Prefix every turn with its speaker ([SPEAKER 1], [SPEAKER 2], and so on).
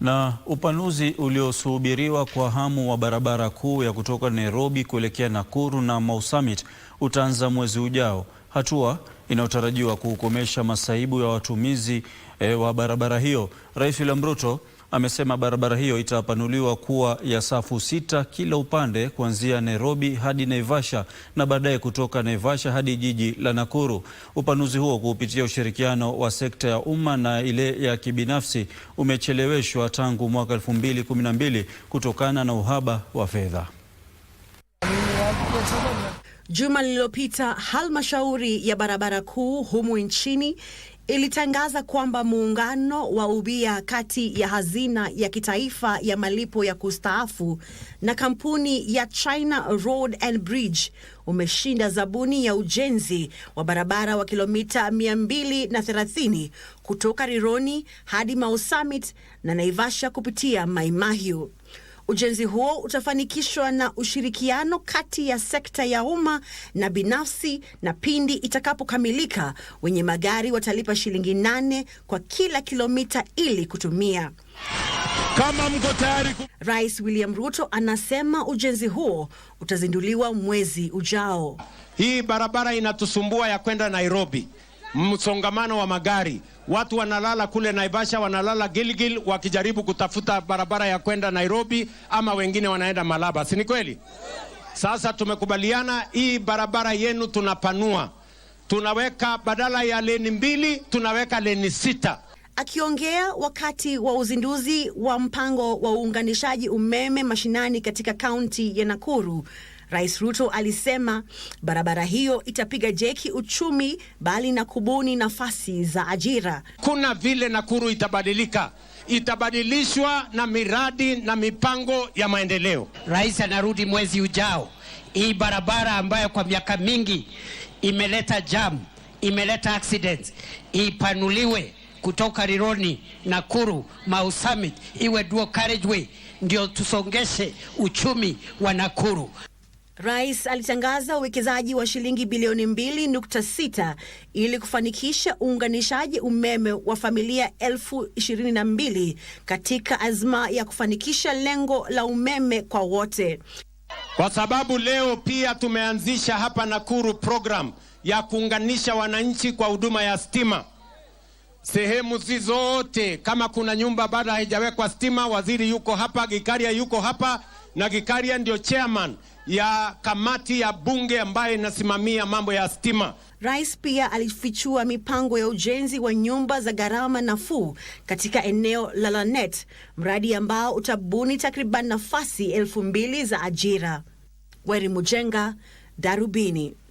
[SPEAKER 1] Na upanuzi uliosubiriwa kwa hamu wa barabara kuu ya kutoka Nairobi kuelekea Nakuru na Mau Summit utaanza mwezi ujao, hatua inayotarajiwa kukomesha masaibu ya watumizi e, wa barabara hiyo. Rais William Ruto amesema barabara hiyo itapanuliwa kuwa ya safu sita kila upande kuanzia Nairobi hadi Naivasha na baadaye kutoka Naivasha hadi jiji la Nakuru. Upanuzi huo kupitia ushirikiano wa sekta ya umma na ile ya kibinafsi umecheleweshwa tangu mwaka 2012 kutokana na uhaba wa fedha.
[SPEAKER 2] Juma lililopita halmashauri ya barabara kuu humu nchini ilitangaza kwamba muungano wa ubia kati ya hazina ya kitaifa ya malipo ya kustaafu na kampuni ya China Road and Bridge umeshinda zabuni ya ujenzi wa barabara wa kilomita 230 kutoka Rironi hadi Mau Summit na Naivasha kupitia Maimahiu. Ujenzi huo utafanikishwa na ushirikiano kati ya sekta ya umma na binafsi, na pindi itakapokamilika, wenye magari watalipa shilingi nane kwa kila kilomita ili kutumia. Kama mko tayari ku... Rais William Ruto anasema ujenzi huo utazinduliwa mwezi ujao.
[SPEAKER 3] Hii barabara inatusumbua ya kwenda Nairobi msongamano wa magari. Watu wanalala kule Naivasha, wanalala Gilgil wakijaribu kutafuta barabara ya kwenda Nairobi, ama wengine wanaenda Malaba, si ni kweli? Sasa tumekubaliana hii barabara yenu tunapanua, tunaweka badala ya leni mbili tunaweka leni sita.
[SPEAKER 2] Akiongea wakati wa uzinduzi wa mpango wa uunganishaji umeme mashinani katika kaunti ya Nakuru, Rais Ruto alisema barabara hiyo itapiga jeki uchumi, bali na kubuni nafasi za ajira.
[SPEAKER 3] Kuna vile Nakuru itabadilika, itabadilishwa na miradi na mipango ya maendeleo.
[SPEAKER 4] Rais anarudi mwezi ujao. Hii barabara ambayo kwa miaka mingi imeleta jam, imeleta accidents, ipanuliwe kutoka Rironi Nakuru, Mau Summit iwe dual carriageway, ndio tusongeshe uchumi wa Nakuru.
[SPEAKER 2] Rais alitangaza uwekezaji wa shilingi bilioni 2.6 ili kufanikisha uunganishaji umeme wa familia elfu 22 katika azma ya kufanikisha lengo la umeme kwa wote.
[SPEAKER 3] Kwa sababu leo pia tumeanzisha hapa Nakuru program ya kuunganisha wananchi kwa huduma ya stima sehemu zizote zote. Kama kuna nyumba bado haijawekwa stima, waziri yuko hapa, Gikaria yuko hapa, na Gikaria ndio chairman ya kamati ya bunge ambayo inasimamia mambo ya stima.
[SPEAKER 2] Rais pia alifichua mipango ya ujenzi wa nyumba za gharama nafuu katika eneo la Lanet, mradi ambao utabuni takriban nafasi elfu mbili za ajira. Weri Mujenga, Darubini.